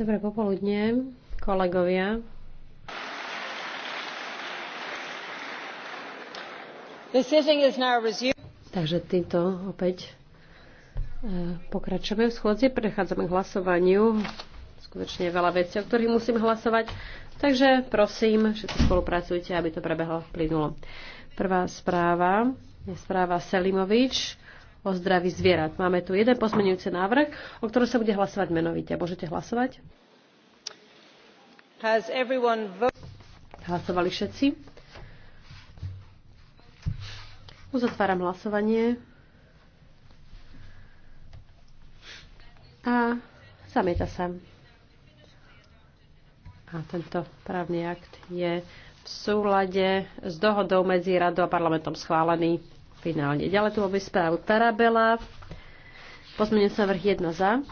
Dobré popoludne, kolegovia. Takže týmto opäť e, pokračujeme v schôdzi, prechádzame k hlasovaniu. Skutočne veľa vecí, o ktorých musím hlasovať. Takže prosím, všetci spolupracujte, aby to prebehlo plynulo. Prvá správa je správa Selimovič o zdraví zvierat. Máme tu jeden pozmenujúci návrh, o ktorom sa bude hlasovať menovite. Môžete hlasovať? Hlasovali všetci? Uzatváram hlasovanie. A zamieta sa. A tento právny akt je v súlade s dohodou medzi radou a parlamentom schválený finálne. Ďalej tu máme správu Tarabela. Pozmeňujem sa vrch 1 za.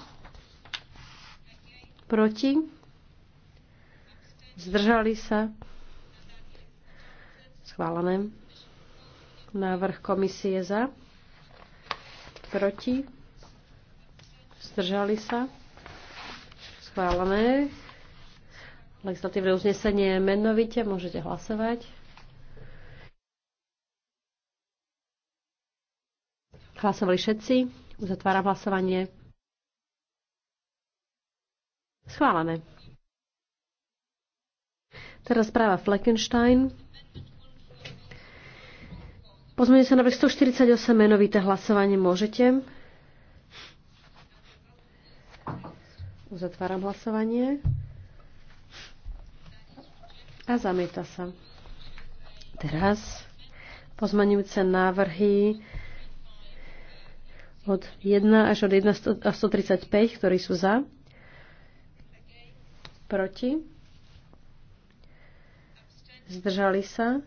Proti. Zdržali sa. Schválené. Návrh komisie za. Proti. Zdržali sa. Schválené. Legislatívne uznesenie menovite. Môžete hlasovať. Hlasovali všetci. Uzatváram hlasovanie. Schválené. Teraz správa Fleckenstein. Pozmeňte sa na 148 menovité hlasovanie. Môžete? Uzatváram hlasovanie. A zamieta sa. Teraz pozmaňujúce návrhy od 1 až od 1 až 135, ktorí sú za. Proti. Zdržali sa.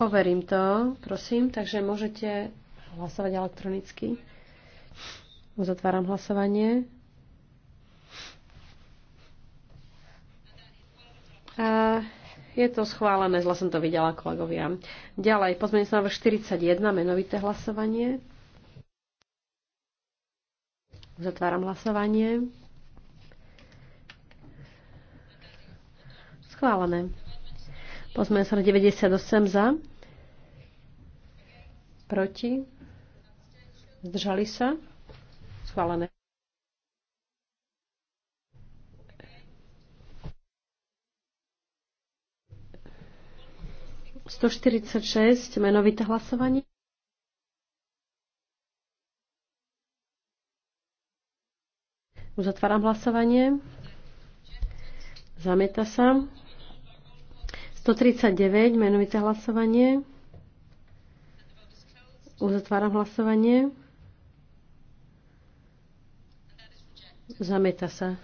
Overím to, prosím. Takže môžete hlasovať elektronicky. Uzatváram hlasovanie. A je to schválené, zle som to videla, kolegovia. Ďalej, pozmením sa návrh 41, menovité hlasovanie. Zatváram hlasovanie. Schválené. Pozme sa 98 za. Proti. Zdržali sa. Schválené. Sto štyridsať šesť, menovité hlasovanie. Uzatváram hlasovanie. Zamieta sa. 139, menovité hlasovanie. Uzatváram hlasovanie. Zameta sa.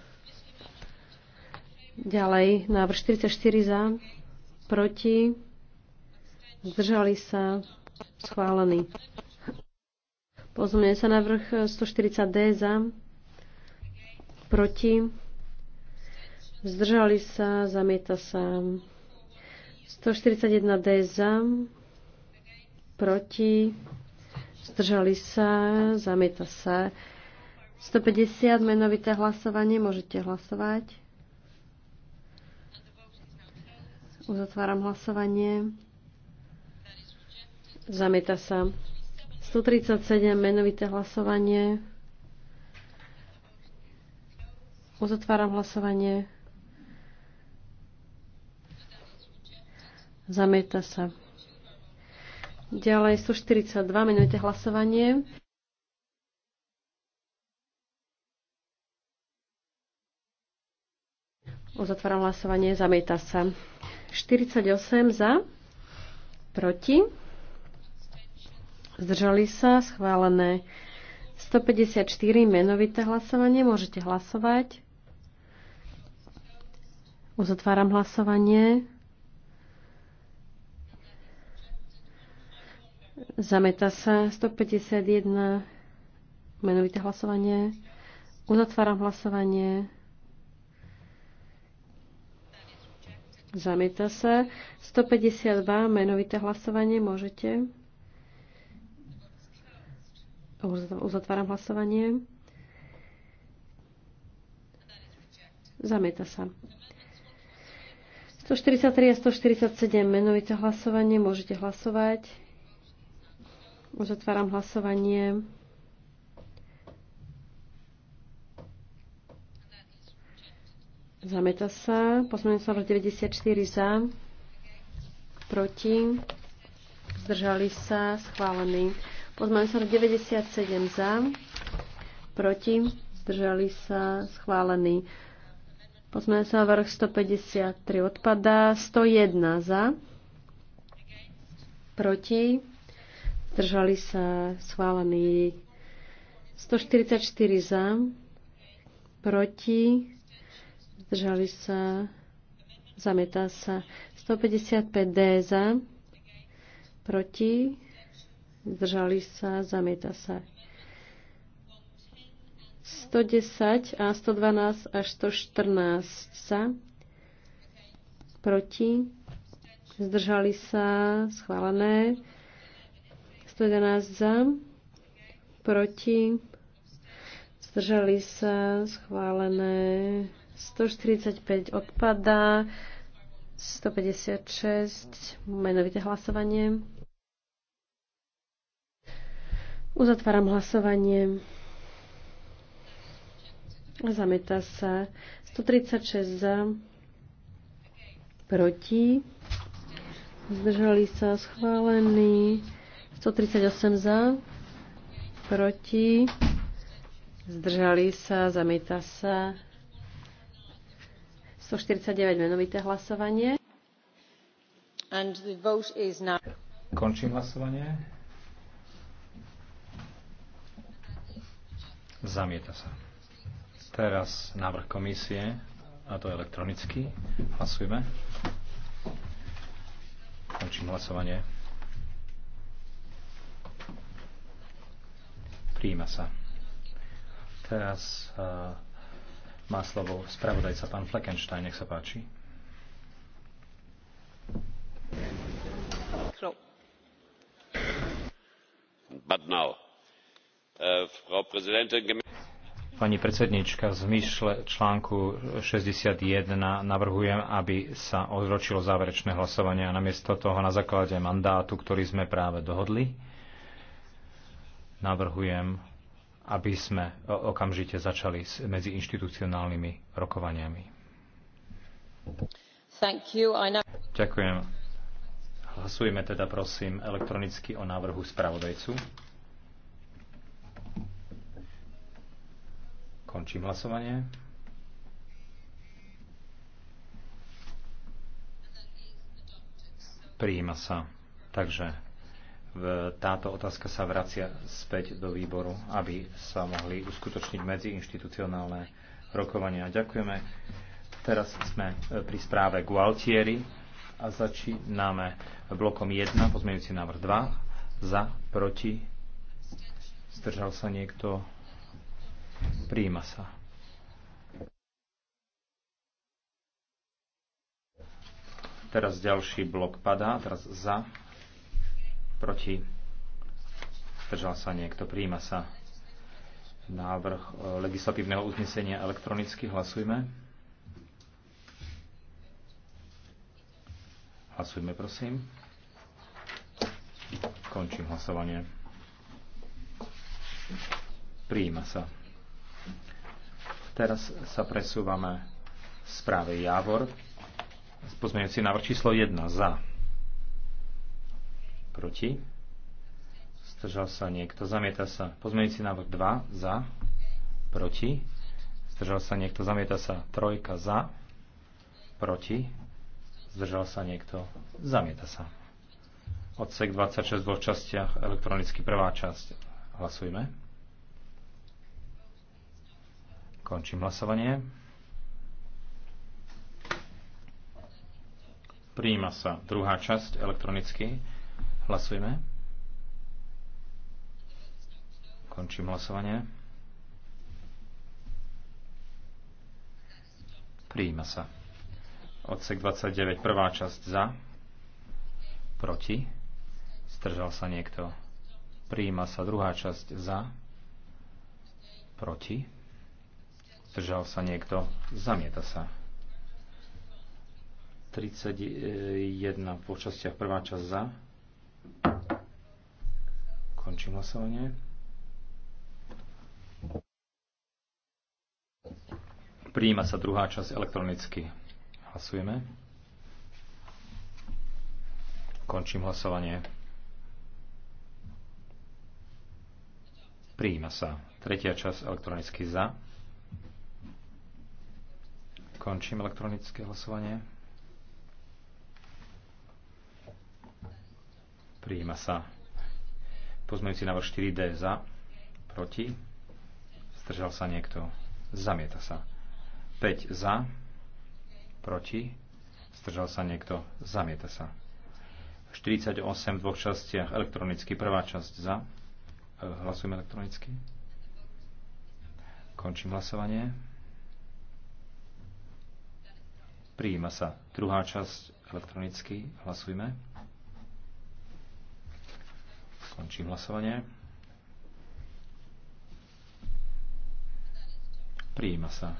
Ďalej, návrh 44 za, proti, zdržali sa, schválený. Pozmeňuje sa návrh 140D za, proti, zdržali sa, zamieta sa. 141 D za, proti, zdržali sa, zamieta sa. 150 menovité hlasovanie, môžete hlasovať. Uzatváram hlasovanie. Zamieta sa. 137 menovité hlasovanie. Uzatváram hlasovanie. Zamieta sa. Ďalej sú 42, menujte hlasovanie. Uzatváram hlasovanie, zamieta sa. 48 za, proti, zdržali sa, schválené. 154 menovité hlasovanie, môžete hlasovať. Uzatváram hlasovanie. Zameta sa 151. Menovité hlasovanie. Uzatváram hlasovanie. Zamieta sa. 152. Menovité hlasovanie. Môžete. Uzatváram hlasovanie. Zamieta sa. 143 a 147 menovité hlasovanie. Môžete hlasovať. Uzatváram hlasovanie. Zameta sa. Poslanec slovo 94 za. Proti. Zdržali sa. Schválený. Pozmeňujem slovo 97 za. Proti. Zdržali sa. Schválený. Pozmeňujem slovo 153 odpadá. 101 za. Proti zdržali sa schválený 144 za, proti, zdržali sa, zamietá sa 155D za, proti, zdržali sa, zamieta sa 110 a 112 až 114 sa, proti, zdržali sa, schválené 111 za, proti, zdržali sa, schválené 145 odpada, 156 menovité hlasovanie. Uzatváram hlasovanie. Zameta sa 136 za, proti, zdržali sa schválený. 138 za, proti, zdržali sa, zamieta sa. 149 menovité hlasovanie. And the vote is now... Končím hlasovanie. Zamieta sa. Teraz návrh komisie, a to elektronicky. Hlasujeme. Končím hlasovanie. Príjima sa. Teraz uh, má slovo spravodajca pán Fleckenstein. Nech sa páči. E, Pani predsednička, v zmysle článku 61 navrhujem, aby sa odročilo záverečné hlasovanie a namiesto toho na základe mandátu, ktorý sme práve dohodli, navrhujem, aby sme okamžite začali s medziinstitucionálnymi rokovaniami. Ďakujem. Hlasujeme teda prosím elektronicky o návrhu spravodajcu. Končím hlasovanie. Prijíma sa. Takže táto otázka sa vracia späť do výboru, aby sa mohli uskutočniť medziinštitucionálne rokovania. Ďakujeme. Teraz sme e, pri správe Gualtieri a začíname blokom 1, pozmeňujúci návrh 2, za, proti, zdržal sa niekto, príjima sa. Teraz ďalší blok padá, teraz za, proti, zdržal sa niekto, príjima sa návrh e, legislatívneho uznesenia elektronicky, hlasujme. Hlasujme, prosím. Končím hlasovanie. Príjima sa. Teraz sa presúvame správe Javor. Pozmeňujúci návrh číslo 1 za Proti? Zdržal sa niekto. Zamieta sa. Pozmeňujúci návrh 2. Za. Proti? Zdržal sa niekto. Zamieta sa. Trojka. Za. Proti? Zdržal sa niekto. Zamieta sa. Odsek 26 v dvoch častiach. Elektronicky prvá časť. Hlasujme. Končím hlasovanie. Prijíma sa druhá časť elektronicky. Hlasujeme. Končím hlasovanie. Prijíma sa. Odsek 29, prvá časť za. Proti. stržal sa niekto. Prijíma sa druhá časť za. Proti. Zdržal sa niekto. Zamieta sa. 31 eh, po častiach prvá časť za Končím hlasovanie. Prijíma sa druhá časť elektronicky. Hlasujeme. Končím hlasovanie. Prijíma sa. Tretia časť elektronicky za. Končím elektronické hlasovanie. Prijíma sa. Pozmeňujúci návrh 4D za. Proti. Zdržal sa niekto. Zamieta sa. 5 za. Proti. Zdržal sa niekto. Zamieta sa. 48 v dvoch častiach elektronicky. Prvá časť za. E, Hlasujeme elektronicky. Končím hlasovanie. Prijíma sa. Druhá časť elektronicky. Hlasujme. Končím hlasovanie. Prijíma sa.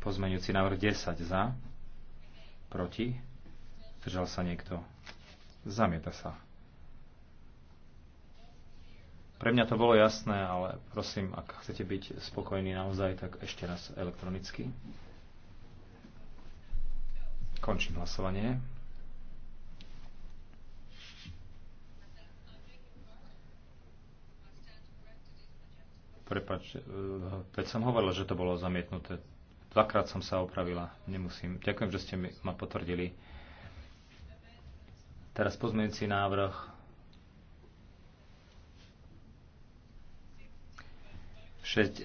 Pozmeňujúci návrh 10 za. Proti. držal sa niekto. Zamieta sa. Pre mňa to bolo jasné, ale prosím, ak chcete byť spokojní naozaj, tak ešte raz elektronicky. Končím hlasovanie. Prepač, e, veď som hovorila, že to bolo zamietnuté. Dvakrát som sa opravila, nemusím. Ďakujem, že ste ma potvrdili. Teraz pozmeňujúci návrh.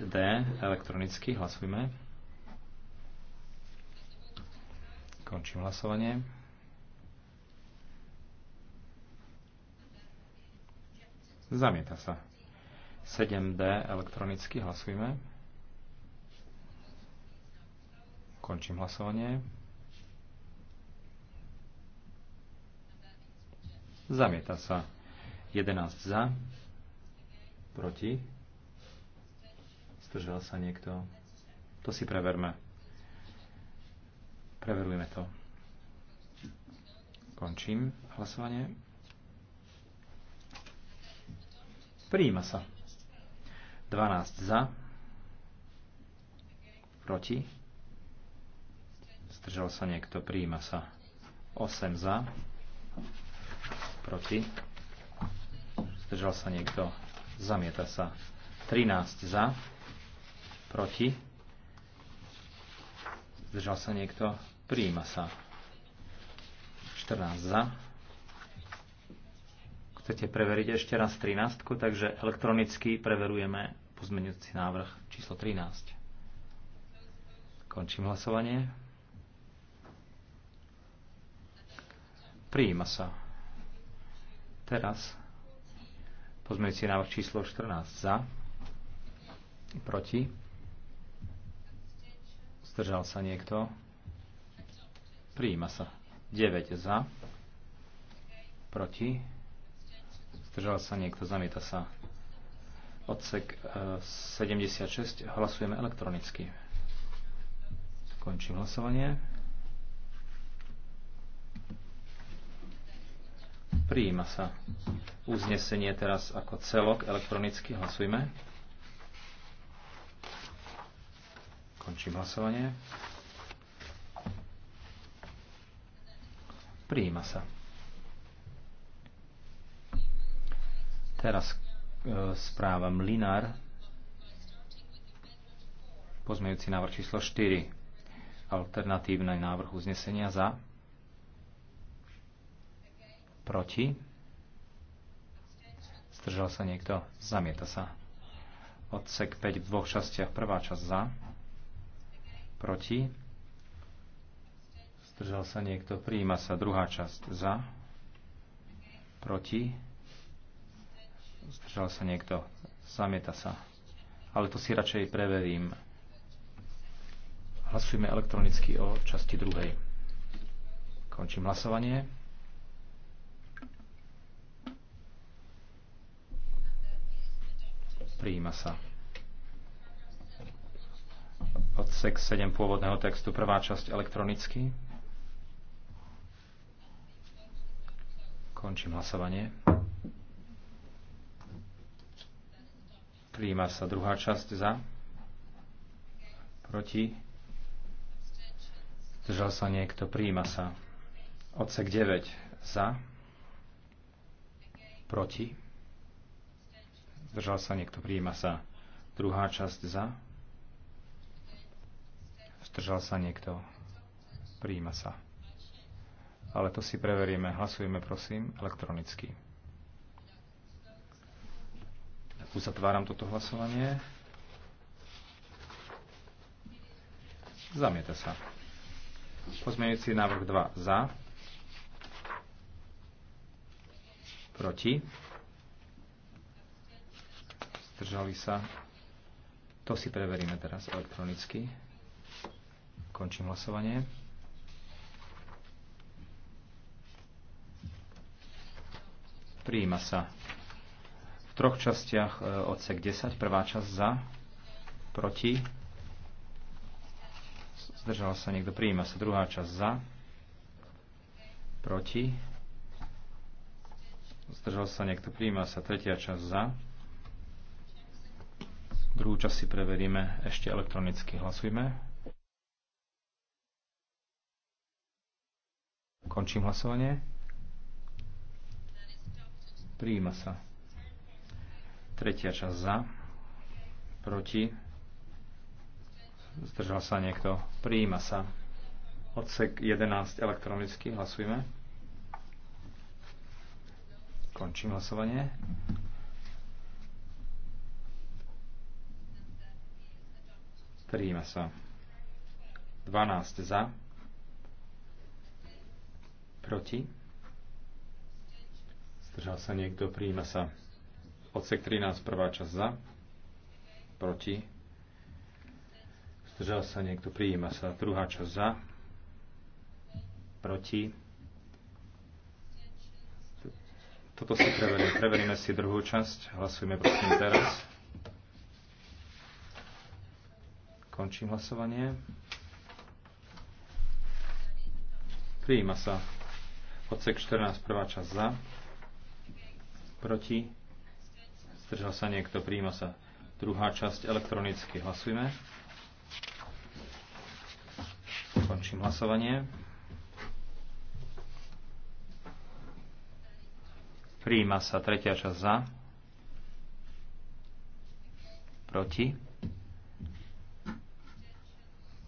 d elektronicky, hlasujme. Končím hlasovanie. Zamieta sa. 7D elektronicky hlasujme. Končím hlasovanie. Zamieta sa. 11 za. Proti. Zdržal sa niekto. To si preverme. Preverujeme to. Končím hlasovanie. Prijíma sa. 12 za, proti, zdržal sa niekto, prijíma sa 8 za, proti, zdržal sa niekto, zamieta sa 13 za, proti, zdržal sa niekto, prijíma sa 14 za, chcete preveriť ešte raz 13, takže elektronicky preverujeme Pozmeňujúci návrh číslo 13. Končím hlasovanie. Prijíma sa. Teraz pozmeňujúci návrh číslo 14 za. Proti. Zdržal sa niekto. Prijíma sa. 9 za. Proti. Zdržal sa niekto. Zamieta sa. Odsek 76. E, Hlasujeme elektronicky. Končím hlasovanie. Prijíma sa uznesenie teraz ako celok elektronicky. Hlasujme. Končím hlasovanie. Prijíma sa. Teraz E, správa Mlinár, pozmejúci návrh číslo 4, Alternatívne návrh uznesenia za, proti, zdržal sa niekto, zamieta sa. Odsek 5 v dvoch častiach, prvá časť za, proti, zdržal sa niekto, prijíma sa druhá časť za, proti, Zdržal sa niekto? Zamieta sa. Ale to si radšej preverím. Hlasujme elektronicky o časti druhej. Končím hlasovanie. Prijíma sa. Odsek 7 pôvodného textu, prvá časť elektronicky. Končím hlasovanie. Príjima sa druhá časť za. Proti. Zdržal sa niekto. Príjima sa. Odsek 9 za. Proti. Zdržal sa niekto. Príjima sa. Druhá časť za. Zdržal sa niekto. Príjima sa. Ale to si preveríme. Hlasujeme prosím elektronicky. Uzatváram toto hlasovanie. Zamieta sa. Pozmeňujúci návrh 2 za. Proti. Zdržali sa. To si preveríme teraz elektronicky. Končím hlasovanie. Prijíma sa v troch častiach e, odsek 10. Prvá časť za, proti. Zdržal sa niekto, prijíma sa druhá časť za, proti. Zdržal sa niekto, prijíma sa tretia časť za. Druhú časť si preveríme ešte elektronicky. Hlasujme. Končím hlasovanie. Prijíma sa. Tretia časť za. Proti. Zdržal sa niekto. Prijíma sa. Odsek 11 elektronicky. Hlasujme. Končím hlasovanie. Prijíma sa. 12 za. Proti. Zdržal sa niekto. Prijíma sa. Odsek 13, prvá časť za, proti, zdržal sa niekto, prijíma sa. Druhá časť za, proti. Toto si preveríme. Preveríme si druhú časť. Hlasujeme prosím teraz. Končím hlasovanie. Prijíma sa. Odsek 14, prvá časť za. Proti Zdržal sa niekto? Príjma sa. Druhá časť elektronicky. Hlasujme. Končím hlasovanie. Príjma sa tretia časť za. Proti.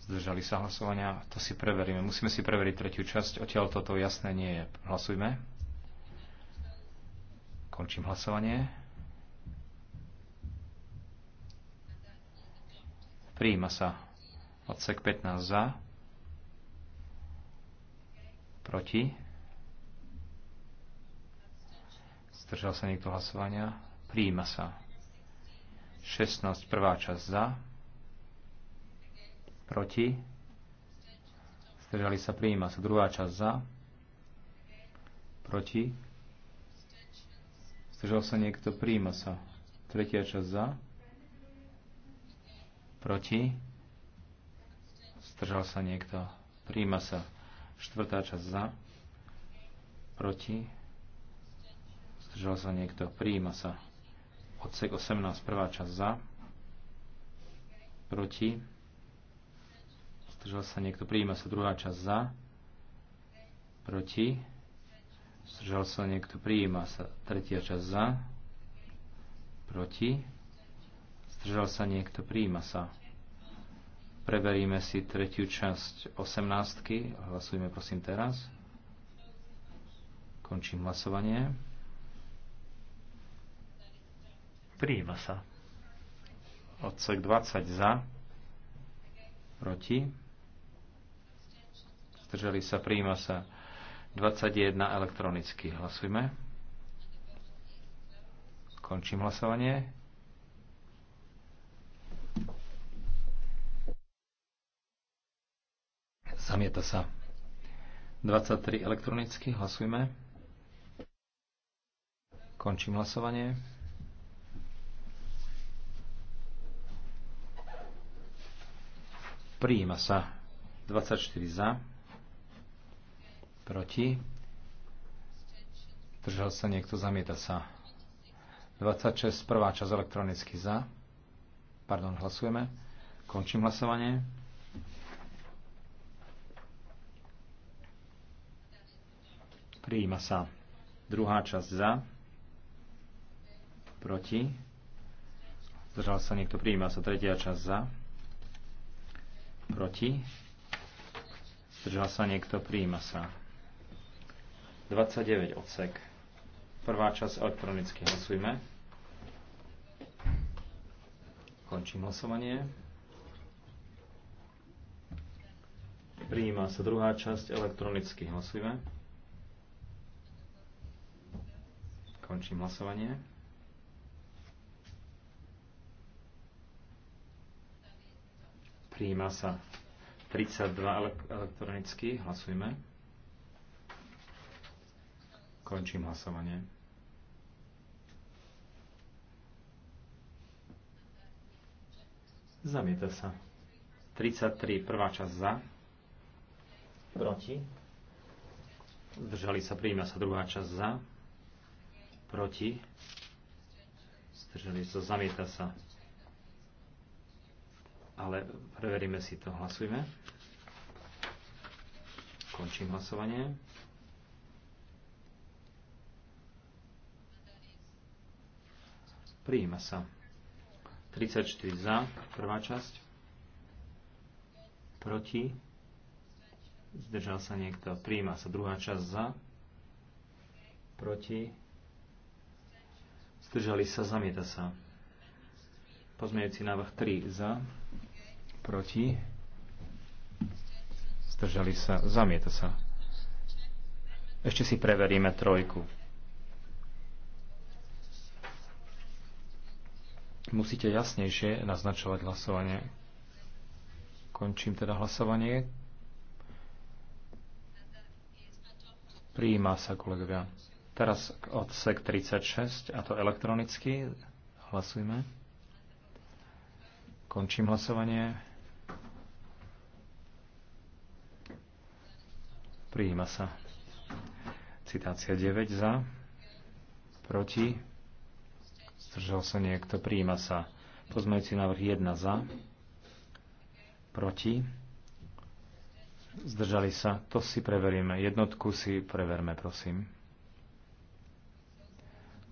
Zdržali sa hlasovania. To si preveríme. Musíme si preveriť tretiu časť. Odtiaľ toto jasné nie je. Hlasujme. Končím hlasovanie. Príjima sa. Odsek 15 za. Proti. Zdržal sa niekto hlasovania. príjima sa. 16. Prvá časť za. Proti. Zdržali sa. príjima sa. Druhá časť za. Proti. Zdržal sa niekto. príjima sa. Tretia časť za proti, zdržal sa niekto, príjma sa štvrtá časť za, proti, zdržal sa niekto, príjma sa odsek 18, prvá časť za, proti, zdržal sa niekto, príjma sa druhá časť za, proti, zdržal sa niekto, príjma sa tretia časť za, proti, Zdržal sa niekto? príjima sa. Preveríme si tretiu časť 18. Hlasujme prosím teraz. Končím hlasovanie. Príjima sa. Odsek 20 za. Proti. Zdržali sa. príjima sa. 21 elektronicky. Hlasujme. Končím hlasovanie. Zamieta sa. 23 elektronicky. Hlasujme. Končím hlasovanie. Prijíma sa 24 za, proti, držal sa niekto, zamieta sa. 26, prvá časť elektronicky za. Pardon, hlasujeme. Končím hlasovanie. Prijíma sa. Druhá časť za. Proti. Zdržal sa niekto. Prijíma sa. Tretia časť za. Proti. Zdržal sa niekto. Prijíma sa. 29 odsek. Prvá časť elektronicky hlasujme. Končím hlasovanie. Prijíma sa druhá časť elektronicky hlasujme. Končím hlasovanie. Prijíma sa 32 elektronicky. Hlasujme. Končím hlasovanie. Zamieta sa. 33, prvá časť za. Proti. Zdržali sa, prijíma sa druhá časť za proti, Zdrželi sa, zamieta sa. Ale preveríme si to, hlasujme. Končím hlasovanie. Prijíma sa. 34 za, prvá časť. Proti. Zdržal sa niekto. Prijíma sa druhá časť za. Proti Zdržali sa, zamieta sa. Pozmeňujúci návrh 3 za, proti. Zdržali sa, zamieta sa. Ešte si preveríme trojku. Musíte jasnejšie naznačovať hlasovanie. Končím teda hlasovanie. Prijímá sa, kolegovia. Teraz odsek 36, a to elektronicky. Hlasujme. Končím hlasovanie. Prijíma sa. Citácia 9 za. Proti. Zdržal sa niekto. Prijíma sa. Pozmejúci návrh 1 za. Proti. Zdržali sa. To si preveríme. Jednotku si preverme, prosím.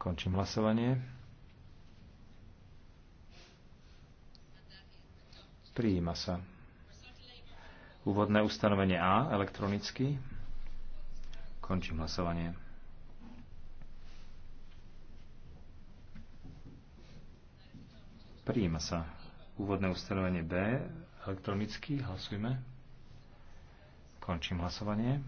Končím hlasovanie. Prijíma sa. Úvodné ustanovenie A elektronicky. Končím hlasovanie. Prijíma sa. Úvodné ustanovenie B elektronicky. Hlasujme. Končím hlasovanie.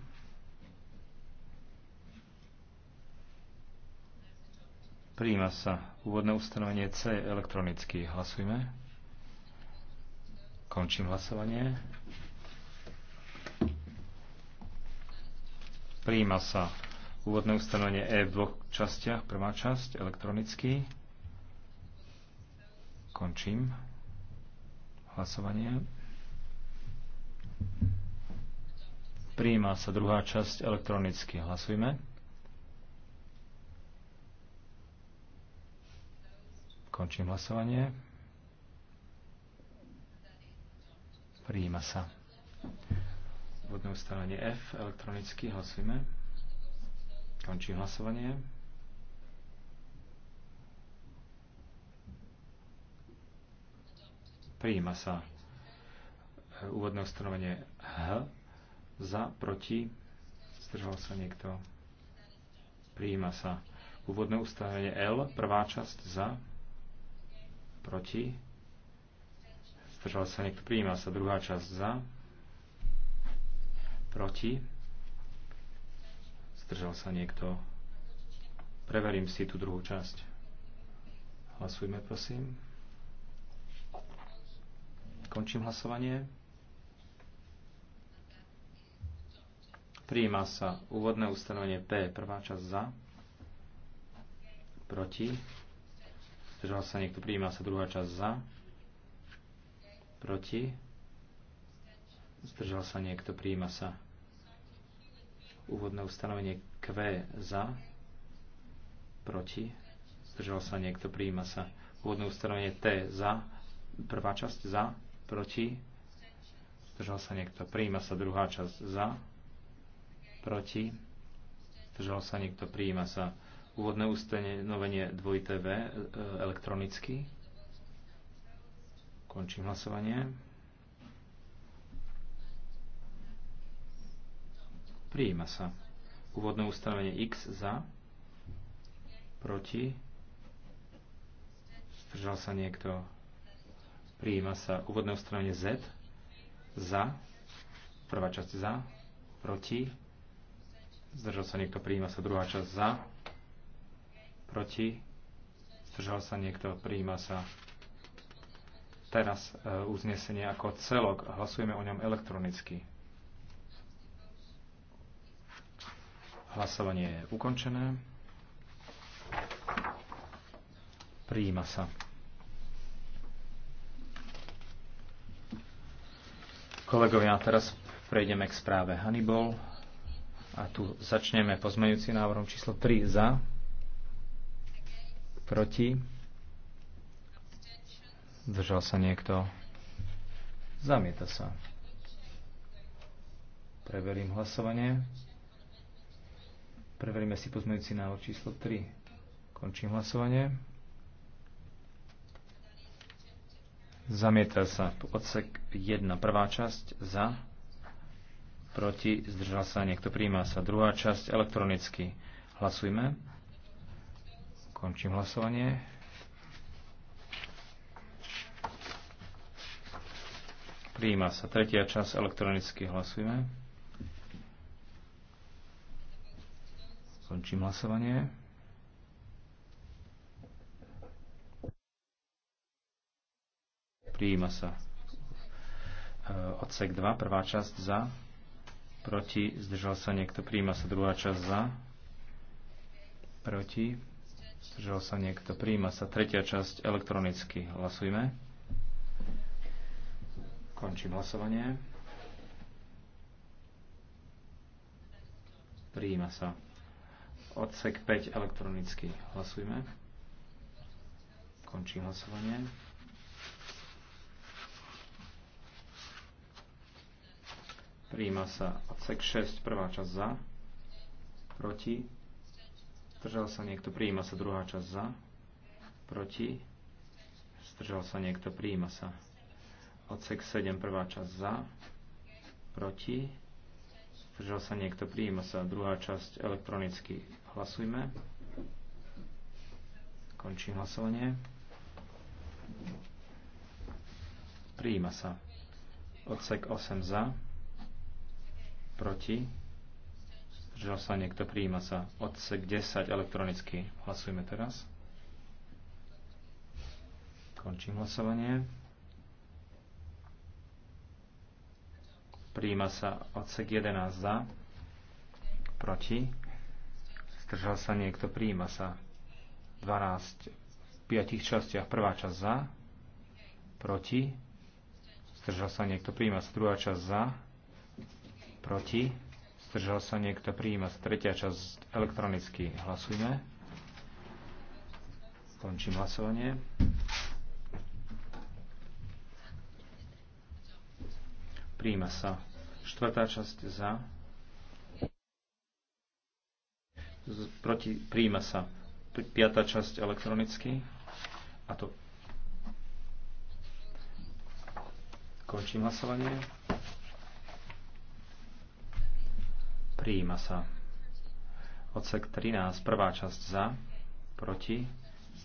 Príjima sa úvodné ustanovenie C elektronicky. Hlasujme. Končím hlasovanie. Príjima sa úvodné ustanovenie E v dvoch častiach. Prvá časť elektronicky. Končím hlasovanie. Príjima sa druhá časť elektronicky. Hlasujme. Končím hlasovanie. Príjima sa. Vodné ustanovenie F. Elektronicky hlasujeme. Končím hlasovanie. Príjima sa. Úvodné ustanovenie H. Za, proti. Zdržal sa niekto. Príjima sa. Úvodné ustanovenie L. Prvá časť za proti, zdržal sa niekto, prijíma sa druhá časť za, proti, zdržal sa niekto, preverím si tú druhú časť. Hlasujme, prosím. Končím hlasovanie. Prijíma sa úvodné ustanovenie P, prvá časť za, proti, Zdržal sa niekto, prijíma sa druhá časť za. Proti. Zdržal sa niekto, prijíma sa. Úvodné ustanovenie Q za. Proti. Zdržal sa niekto, prijíma sa. Úvodné ustanovenie T za. Prvá časť za. Proti. Zdržal sa niekto, prijíma sa. Druhá časť za. Proti. Zdržal sa niekto, prijíma sa úvodné ustanovenie 2TV e, elektronicky. Končím hlasovanie. Prijíma sa. Úvodné ustanovenie X za. Proti. Zdržal sa niekto. Prijíma sa. Úvodné ustanovenie Z. Za. Prvá časť za. Proti. Zdržal sa niekto. Prijíma sa. Druhá časť za proti, zdržal sa niekto, prijíma sa. Teraz e, uznesenie ako celok, hlasujeme o ňom elektronicky. Hlasovanie je ukončené. Prijíma sa. Kolegovia, teraz prejdeme k správe Hannibal a tu začneme pozmeňujúci návrhom číslo 3 za, Proti? Zdržal sa niekto? Zamieta sa. Preverím hlasovanie. Preveríme si pozmeňujúci návrh číslo 3. Končím hlasovanie. Zamieta sa odsek 1, prvá časť za, proti, zdržal sa, niekto príjma sa. Druhá časť elektronicky. Hlasujme. Končím hlasovanie. Prijíma sa. Tretia časť elektronicky hlasujeme. Končím hlasovanie. Prijíma sa. E, odsek 2, prvá časť za. Proti, zdržal sa niekto. Prijíma sa druhá časť za. Proti Zdržal sa niekto. Príjima sa tretia časť elektronicky. Hlasujme. Končím hlasovanie. Príjima sa. Odsek 5 elektronicky. Hlasujme. Končím hlasovanie. Príjima sa odsek 6, prvá časť za, proti, Zdržal sa niekto, prijíma sa druhá časť za. Proti. Zdržal sa niekto, prijíma sa. Odsek 7, prvá časť za. Proti. Zdržal sa niekto, prijíma sa. Druhá časť elektronicky. Hlasujme. Končím hlasovanie. Prijíma sa. Odsek 8 za. Proti Zdržal sa niekto, prijíma sa. Odsek 10 elektronicky. Hlasujme teraz. Končím hlasovanie. Prijíma sa odsek 11 za. Proti. Zdržal sa niekto, prijíma sa. 12 v 5 častiach. Prvá časť za, proti, zdržal sa niekto, prijíma sa druhá časť za, proti, Zdržal sa niekto? príjima? Tretia časť elektronicky. Hlasujme. Končím hlasovanie. Príjima sa. Štvrtá časť za. Z, proti, prijíma sa. Piatá časť elektronicky. A to končím hlasovanie. Prijíma sa. Odsek 13, prvá časť za, proti.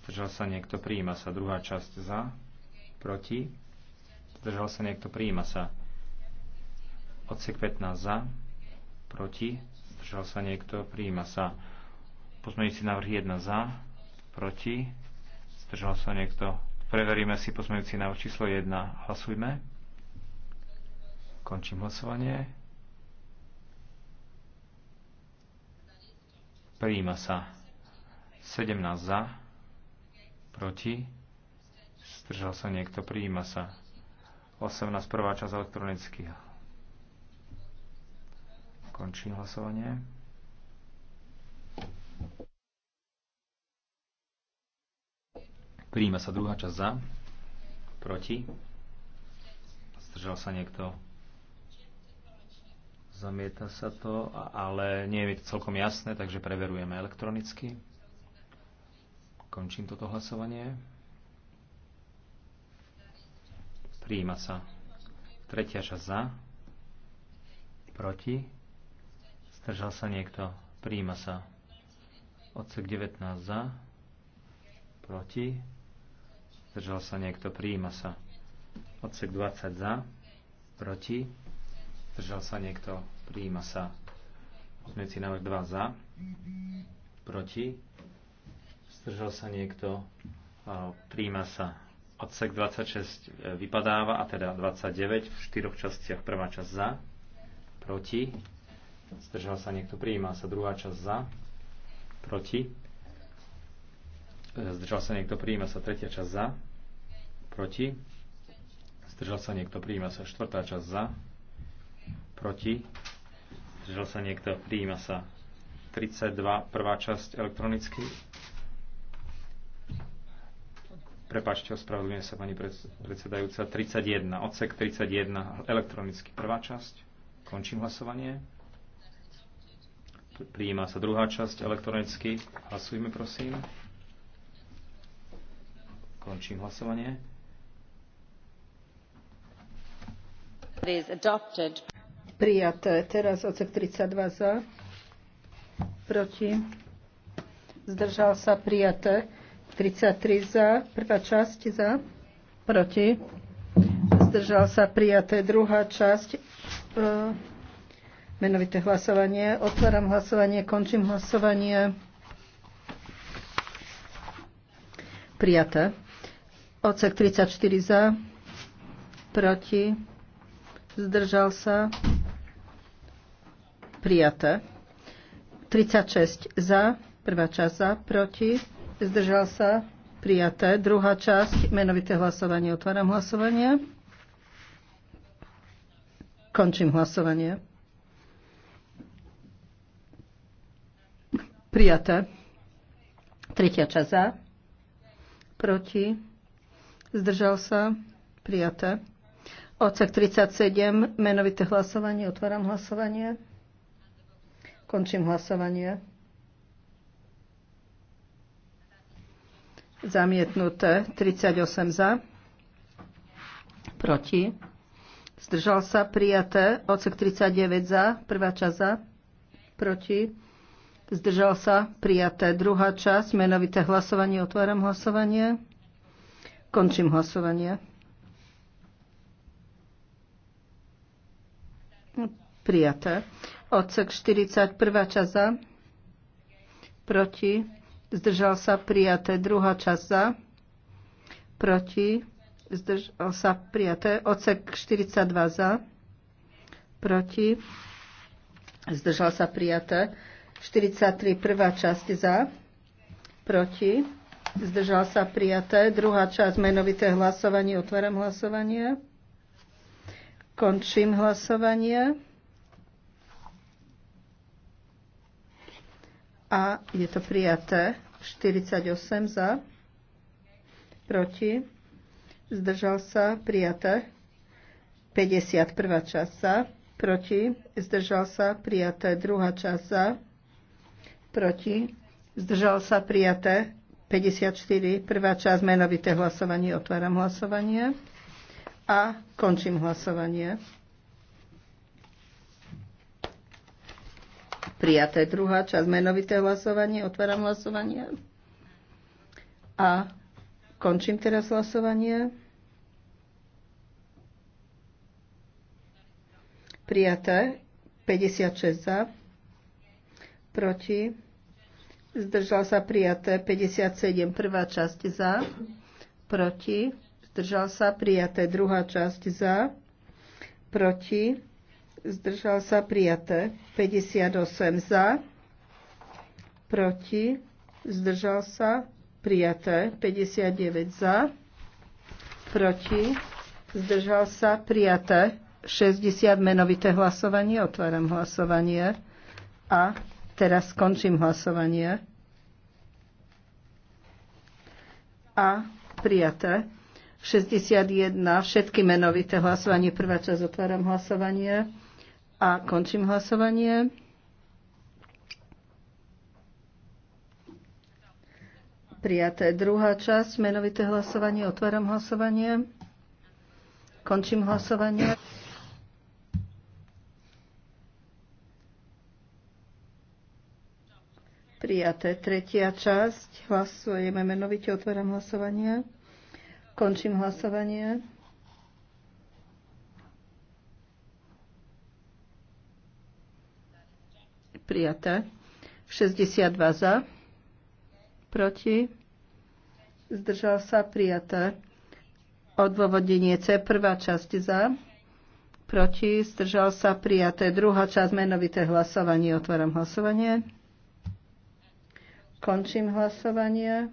Zdržal sa niekto, prijíma sa. Druhá časť za, proti. Zdržal sa niekto, prijíma sa. Odsek 15 za, proti. Zdržal sa niekto, prijíma sa. Pozmeňujúci návrh 1 za, proti. Zdržal sa niekto. Preveríme si pozmeňujúci návrh číslo 1. Hlasujme. Končím hlasovanie. Prijíma sa. 17 za. Proti. Zdržal sa niekto. Prijíma sa. 18 prvá časť elektronicky. Končím hlasovanie. Prijíma sa druhá časť za. Proti. Zdržal sa niekto. Zamieta sa to, ale nie je mi to celkom jasné, takže preverujeme elektronicky. Končím toto hlasovanie. Príjima sa. Tretia časť za. Proti. Zdržal sa niekto. Príjima sa. Odsek 19 za. Proti. Zdržal sa niekto. Príjima sa. Odsek 20 za. Proti Zdržal sa niekto? Prijíma sa. Pozmeňujúci návrh 2 za. Proti. Zdržal sa niekto? Prijíma sa. Odsek 26 e, vypadáva a teda 29 v štyroch častiach. Prvá časť za. Proti. Zdržal sa niekto? Prijíma sa. Druhá časť za. Proti. E, zdržal sa niekto? Prijíma sa. Tretia časť za. Proti. Zdržal sa niekto? Prijíma sa. Štvrtá časť za proti, zdržal sa niekto, prijíma sa. 32, prvá časť elektronicky. Prepačte, ospravedlňujem sa pani predsedajúca. 31, odsek 31, elektronicky prvá časť. Končím hlasovanie. Prijíma sa druhá časť elektronicky. Hlasujme, prosím. Končím hlasovanie. Prijaté. Teraz odsek 32 za. Proti. Zdržal sa. Prijaté. 33 za. Prvá časť za. Proti. Zdržal sa. Prijaté. Druhá časť. E, menovité hlasovanie. Otváram hlasovanie. Končím hlasovanie. Prijaté. ocek 34 za. Proti. Zdržal sa prijaté. 36 za, prvá časť za, proti, zdržal sa, prijaté. Druhá časť, menovité hlasovanie, otváram hlasovanie. Končím hlasovanie. Prijaté. Tretia časť za, proti, zdržal sa, prijaté. Odsek 37, menovité hlasovanie, otváram hlasovanie. Končím hlasovanie. Zamietnuté 38 za. Proti. Zdržal sa prijaté. Odsek 39 za. Prvá časť za. Proti. Zdržal sa prijaté. Druhá časť. Menovité hlasovanie. Otváram hlasovanie. Končím hlasovanie. Prijaté. Odsek 41. časť za. Proti. Zdržal sa prijaté. Druhá časť za. Proti. Zdržal sa prijaté. Odsek 42 za. Proti. Zdržal sa prijaté. 43. Prvá časť za. Proti. Zdržal sa prijaté. Druhá časť menovité hlasovanie. Otváram hlasovanie. Končím hlasovanie. a je to prijaté. 48 za, proti, zdržal sa, prijaté. 51. časť za, proti, zdržal sa, prijaté. Druhá časť za, proti, zdržal sa, prijaté. 54. Prvá časť menovité hlasovanie. Otváram hlasovanie a končím hlasovanie. Prijaté druhá časť menovité hlasovanie. Otváram hlasovanie. A končím teraz hlasovanie. Prijaté 56 za. Proti. Zdržal sa prijaté 57 prvá časť za. Proti. Zdržal sa prijaté druhá časť za. Proti zdržal sa prijaté. 58 za, proti, zdržal sa prijaté. 59 za, proti, zdržal sa prijaté. 60 menovité hlasovanie, otváram hlasovanie a teraz skončím hlasovanie. A prijaté. 61, všetky menovité hlasovanie, prvá časť, otváram hlasovanie. A končím hlasovanie. Prijaté. Druhá časť, menovité hlasovanie. Otváram hlasovanie. Končím hlasovanie. Prijaté. Tretia časť. Hlasujeme menovite. Otváram hlasovanie. Končím hlasovanie. prijaté. 62 za, proti, zdržal sa, prijaté. Odôvodenie C, prvá časť za, proti, zdržal sa, prijaté. Druhá časť, menovité hlasovanie, otváram hlasovanie. Končím hlasovanie.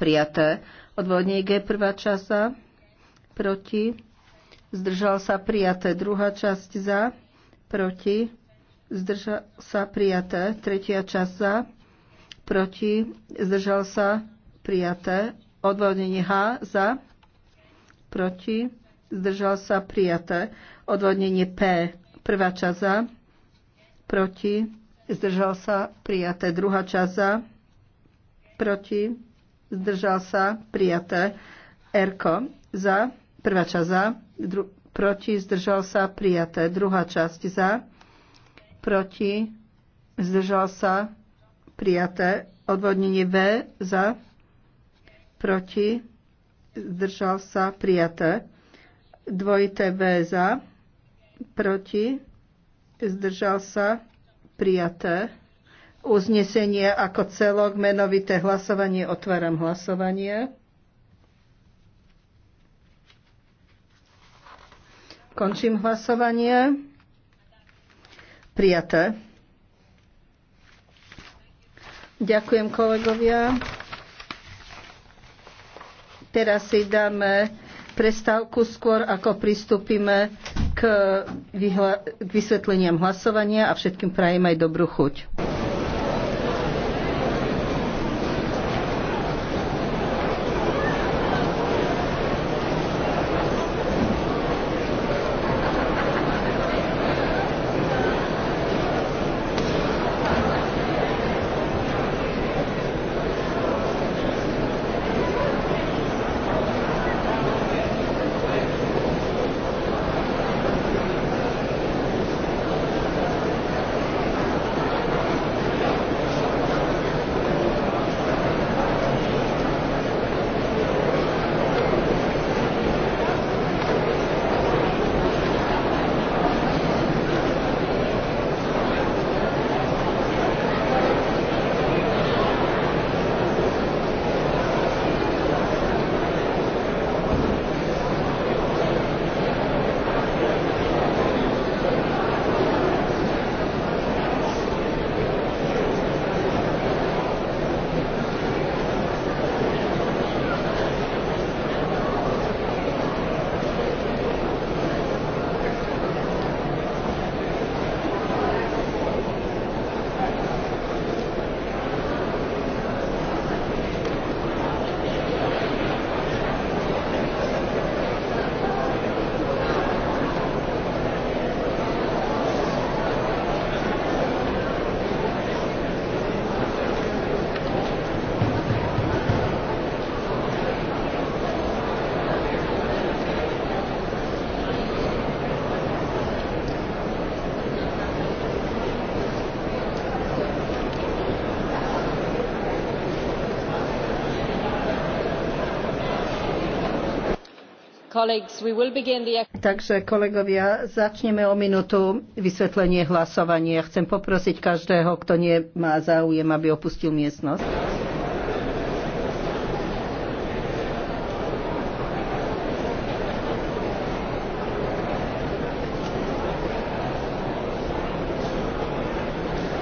Prijaté. Odvodník je prvá časa. Proti zdržal sa prijaté. Druhá časť za, proti, zdržal sa prijaté. Tretia časť za, proti, zdržal sa prijaté. Odvodnenie H za, proti, zdržal sa prijaté. Odvodnenie P, prvá časť za, proti, zdržal sa prijaté. Druhá časť za, proti, zdržal sa prijaté. Erko za, Prvá časť za, dru- proti, zdržal sa, prijaté. Druhá časť za, proti, zdržal sa, prijaté. Odvodnenie V za, proti, zdržal sa, prijaté. Dvojité V za, proti, zdržal sa, prijaté. Uznesenie ako celok, menovité hlasovanie, otváram hlasovanie. Končím hlasovanie. Prijaté. Ďakujem kolegovia. Teraz si dáme prestávku skôr, ako pristúpime k, k vysvetleniam hlasovania a všetkým prajem aj dobrú chuť. Takže kolegovia, začneme o minútu vysvetlenie hlasovania. Chcem poprosiť každého, kto nemá záujem, aby opustil miestnosť.